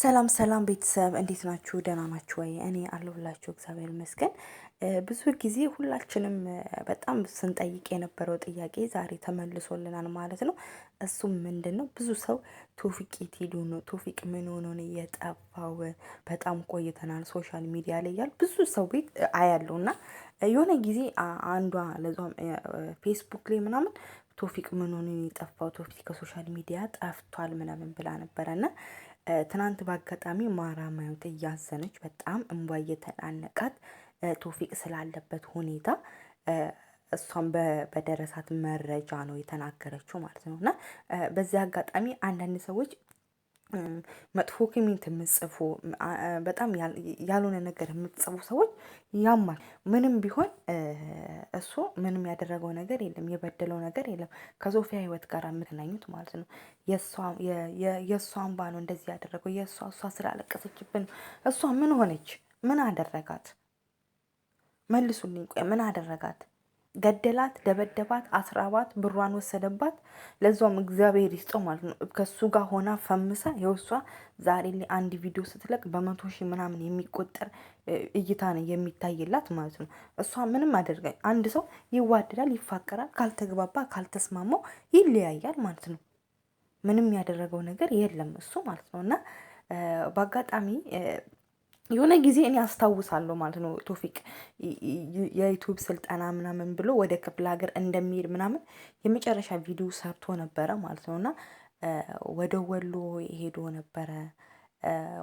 ሰላም ሰላም ቤተሰብ እንዴት ናችሁ? ደህና ናችሁ ወይ? እኔ አለሁላችሁ እግዚአብሔር ይመስገን። ብዙ ጊዜ ሁላችንም በጣም ስንጠይቅ የነበረው ጥያቄ ዛሬ ተመልሶልናል ማለት ነው። እሱም ምንድን ነው? ብዙ ሰው ቶፊቅ የት ሄዶ ነው? ቶፊቅ ምን ሆኖ ነው የጠፋው? በጣም ቆይተናል ሶሻል ሚዲያ ላይ እያሉ ብዙ ሰው ቤት አያለው እና የሆነ ጊዜ አንዷ ለዛም ፌስቡክ ላይ ምናምን ቶፊቅ ምን ሆኖ ነው የጠፋው? ቶፊቅ ከሶሻል ሚዲያ ጠፍቷል ምናምን ብላ ነበረ ነበረና ትናንት በአጋጣሚ ማራማዊት እያዘነች በጣም እንቧ እየተናነቃት ቶፊቅ ስላለበት ሁኔታ እሷም በደረሳት መረጃ ነው የተናገረችው ማለት ነው። እና በዚህ አጋጣሚ አንዳንድ ሰዎች መጥፎ ኮሜንት የምጽፉ በጣም ያልሆነ ነገር የምትጽፉ ሰዎች ያማል። ምንም ቢሆን እሱ ምንም ያደረገው ነገር የለም፣ የበደለው ነገር የለም። ከሶፊያ ህይወት ጋር የምትናኙት ማለት ነው። የእሷ አምባ ነው እንደዚህ ያደረገው የእሷ እሷ ስላለቀሰችብን። እሷ ምን ሆነች? ምን አደረጋት? መልሱልኝ። ቆይ ምን አደረጋት? ገደላት፣ ደበደባት፣ አስራባት፣ ብሯን ወሰደባት። ለዛም እግዚአብሔር ይስጠው ማለት ነው። ከሱ ጋር ሆና ፈምሳ የውሷ ዛሬ ላይ አንድ ቪዲዮ ስትለቅ በመቶ ሺህ ምናምን የሚቆጠር እይታ ነው የሚታይላት ማለት ነው። እሷ ምንም አደርጋኝ። አንድ ሰው ይዋደዳል፣ ይፋቀራል፣ ካልተግባባ፣ ካልተስማማው ይለያያል ማለት ነው። ምንም ያደረገው ነገር የለም እሱ ማለት ነው እና በአጋጣሚ የሆነ ጊዜ እኔ አስታውሳለሁ ማለት ነው ቶፊቅ የዩቱብ ስልጠና ምናምን ብሎ ወደ ክፍለ ሀገር እንደሚሄድ ምናምን የመጨረሻ ቪዲዮ ሰርቶ ነበረ ማለት ነው። እና ወደ ወሎ ሄዶ ነበረ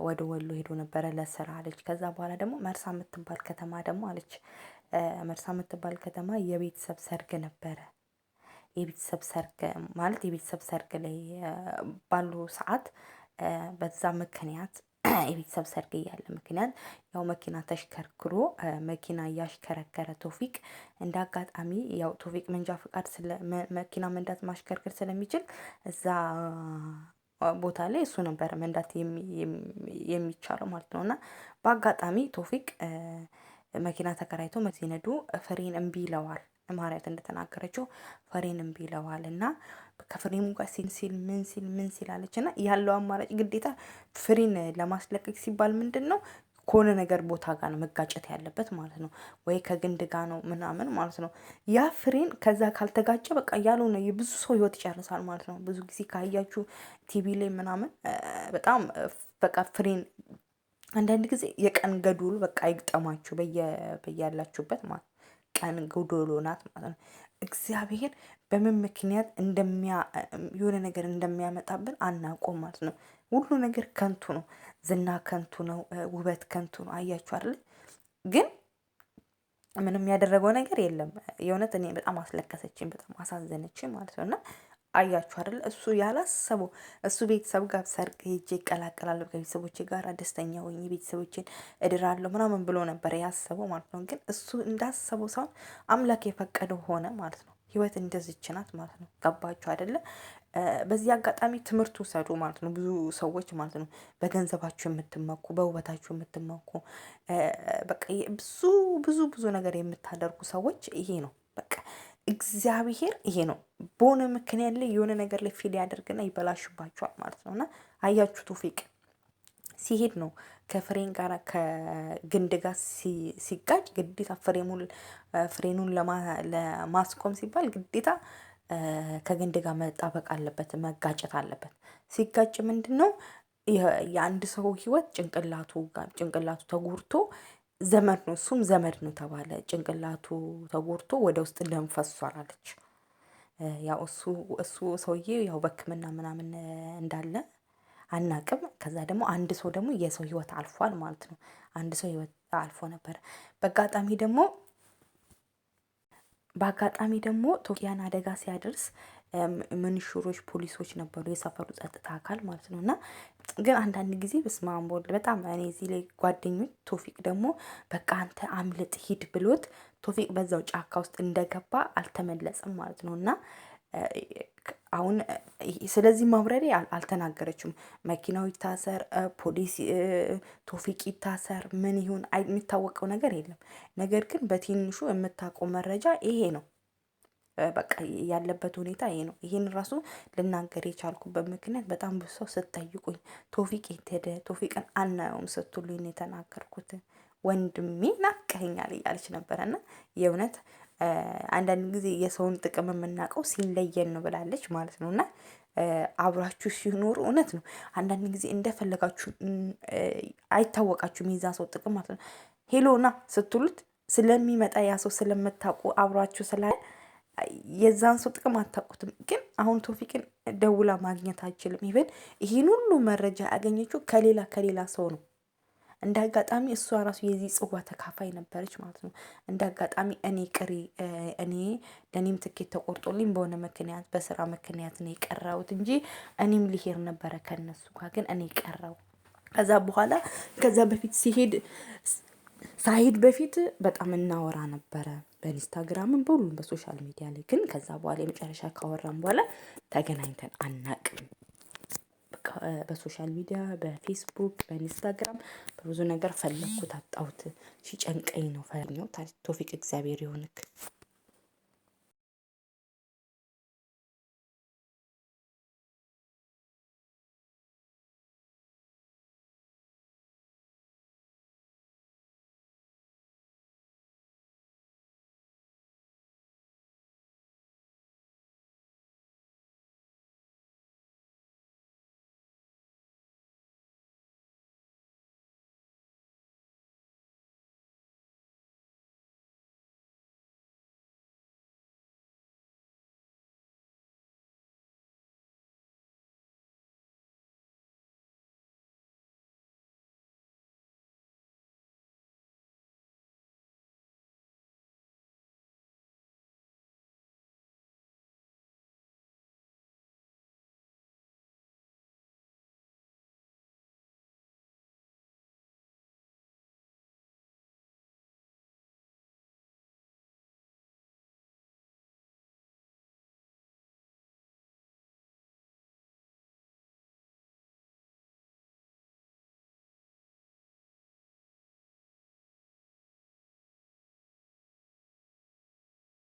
ወደ ወሎ ሄዶ ነበረ ለስራ አለች። ከዛ በኋላ ደግሞ መርሳ የምትባል ከተማ ደግሞ አለች መርሳ የምትባል ከተማ የቤተሰብ ሰርግ ነበረ። የቤተሰብ ሰርግ ማለት የቤተሰብ ሰርግ ላይ ባሉ ሰዓት በዛ ምክንያት የቤተሰብ ሰርግ እያለ ምክንያት ያው መኪና ተሽከርክሮ መኪና እያሽከረከረ ቶፊቅ እንደ አጋጣሚ ያው ቶፊቅ መንጃ ፈቃድ መኪና መንዳት ማሽከርከር ስለሚችል እዛ ቦታ ላይ እሱ ነበር መንዳት የሚቻለው ማለት ነው። እና በአጋጣሚ ቶፊቅ መኪና ተከራይቶ መሲነዱ ፍሬን እምቢ ይለዋል። ማርያት እንደተናገረችው ፈሬንም ቢለዋል እና ከፍሬሙ ጋር ሲል ሲል ምን ሲል ምን ሲል አለች እና ያለው አማራጭ ግዴታ ፍሬን ለማስለቀቅ ሲባል ምንድን ነው ከሆነ ነገር ቦታ ጋር ነው መጋጨት ያለበት ማለት ነው፣ ወይ ከግንድ ጋር ነው ምናምን ማለት ነው። ያ ፍሬን ከዛ ካልተጋጨ በቃ ነው የብዙ ሰው ህይወት ይጨርሳል ማለት ነው። ብዙ ጊዜ ካያችሁ ቲቪ ላይ ምናምን በጣም በቃ ፍሬን አንዳንድ ጊዜ የቀን ገዱል በቃ ይግጠማችሁ በያላችሁበት ማለት ነው። ቀን ጎዶሎ ናት ማለት ነው። እግዚአብሔር በምን ምክንያት የሆነ ነገር እንደሚያመጣብን አናውቅም ማለት ነው። ሁሉ ነገር ከንቱ ነው። ዝና ከንቱ ነው። ውበት ከንቱ ነው። አያችሁ አይደል? ግን ምንም ያደረገው ነገር የለም። የእውነት እኔ በጣም አስለቀሰችኝ፣ በጣም አሳዘነችኝ ማለት ነው እና አያችሁ አይደል? እሱ ያላሰበው እሱ ቤተሰብ ጋር ሰርግ ሄጄ ይቀላቀላለሁ ከቤተሰቦቼ ጋር ደስተኛ ሆኜ ቤተሰቦቼን እድራለሁ ምናምን ብሎ ነበር ያሰበው ማለት ነው። ግን እሱ እንዳሰበው ሳይሆን አምላክ የፈቀደው ሆነ ማለት ነው። ህይወት እንደዚች ናት ማለት ነው። ገባችሁ አይደለ? በዚህ አጋጣሚ ትምህርት ውሰዱ ማለት ነው። ብዙ ሰዎች ማለት ነው በገንዘባችሁ የምትመኩ፣ በውበታችሁ የምትመኩ፣ በቃ ብዙ ብዙ ብዙ ነገር የምታደርጉ ሰዎች ይሄ ነው በቃ እግዚአብሔር ይሄ ነው። በሆነ ምክንያት ላይ የሆነ ነገር ላይ ፊል ያደርግና ይበላሽባቸዋል ማለት ነው። እና አያችሁ ቶፊቅ ሲሄድ ነው ከፍሬን ጋር ከግንድ ጋር ሲጋጭ ግዴታ ፍሬኑን ለማስቆም ሲባል ግዴታ ከግንድ ጋር መጣበቅ አለበት፣ መጋጨት አለበት። ሲጋጭ ምንድን ነው የአንድ ሰው ህይወት ጭንቅላቱ ጭንቅላቱ ተጉርቶ ዘመድ ነው፣ እሱም ዘመድ ነው ተባለ። ጭንቅላቱ ተጎድቶ ወደ ውስጥ ደም ፈሷል አለች። ያው እሱ እሱ ሰውዬ ያው በሕክምና ምናምን እንዳለ አናቅም። ከዛ ደግሞ አንድ ሰው ደግሞ የሰው ህይወት አልፏል ማለት ነው። አንድ ሰው ህይወት አልፎ ነበር። በአጋጣሚ ደግሞ በአጋጣሚ ደግሞ ቶኪያን አደጋ ሲያደርስ ምንሹሮች፣ ፖሊሶች ነበሩ፣ የሰፈሩ ጸጥታ አካል ማለት ነው። እና ግን አንዳንድ ጊዜ በስማም ቦል በጣም እኔ እዚህ ላይ ጓደኞች ቶፊቅ ደግሞ በቃ አንተ አምልጥ ሂድ ብሎት ቶፊቅ በዛው ጫካ ውስጥ እንደገባ አልተመለጸም ማለት ነው እና አሁን ስለዚህ ማብራሪያ አልተናገረችም። መኪናው ይታሰር፣ ፖሊስ ቶፊቅ ይታሰር፣ ምን ይሁን የሚታወቀው ነገር የለም። ነገር ግን በትንሹ የምታውቀው መረጃ ይሄ ነው። በቃ ያለበት ሁኔታ ይሄ ነው። ይሄን ራሱ ልናገር የቻልኩበት ምክንያት በጣም ብዙ ሰው ስጠይቁኝ ቶፊቅ የት ሄደ ቶፊቅን አናየውም ስትሉኝ የተናገርኩት ወንድሜ ናቀኸኛል እያለች ነበረና የእውነት አንዳንድ ጊዜ የሰውን ጥቅም የምናውቀው ሲለየን ነው ብላለች ማለት ነው። እና አብራችሁ ሲኖሩ እውነት ነው አንዳንድ ጊዜ እንደፈለጋችሁ አይታወቃችሁም የዛ ሰው ጥቅም ማለት ነው። ሄሎና ስትሉት ስለሚመጣ ያ ሰው ስለምታውቁ አብራችሁ ስላለ የዛን ሰው ጥቅም አታውቁትም። ግን አሁን ቶፊቅን ደውላ ማግኘት አይችልም። ይብን ይህን ሁሉ መረጃ ያገኘችው ከሌላ ከሌላ ሰው ነው። እንደ አጋጣሚ እሷ ራሱ የዚህ ጽዋ ተካፋይ ነበረች ማለት ነው። እንደ አጋጣሚ እኔ ቅሪ እኔ ለእኔም ትኬት ተቆርጦልኝ በሆነ ምክንያት በስራ ምክንያት ነው የቀራሁት እንጂ እኔም ሊሄድ ነበረ ከነሱ ጋር ግን እኔ ቀራው። ከዛ በኋላ ከዛ በፊት ሲሄድ ሳሄድ በፊት በጣም እናወራ ነበረ በኢንስታግራምም በሁሉም በሶሻል ሚዲያ ላይ ግን ከዛ በኋላ የመጨረሻ ካወራም በኋላ ተገናኝተን አናቅም። በሶሻል ሚዲያ በፌስቡክ በኢንስታግራም በብዙ ነገር ፈለግኩት አጣሁት። ሲጨንቀኝ ነው ፈለግኩት። ቶፊቅ እግዚአብሔር ይሁንክ።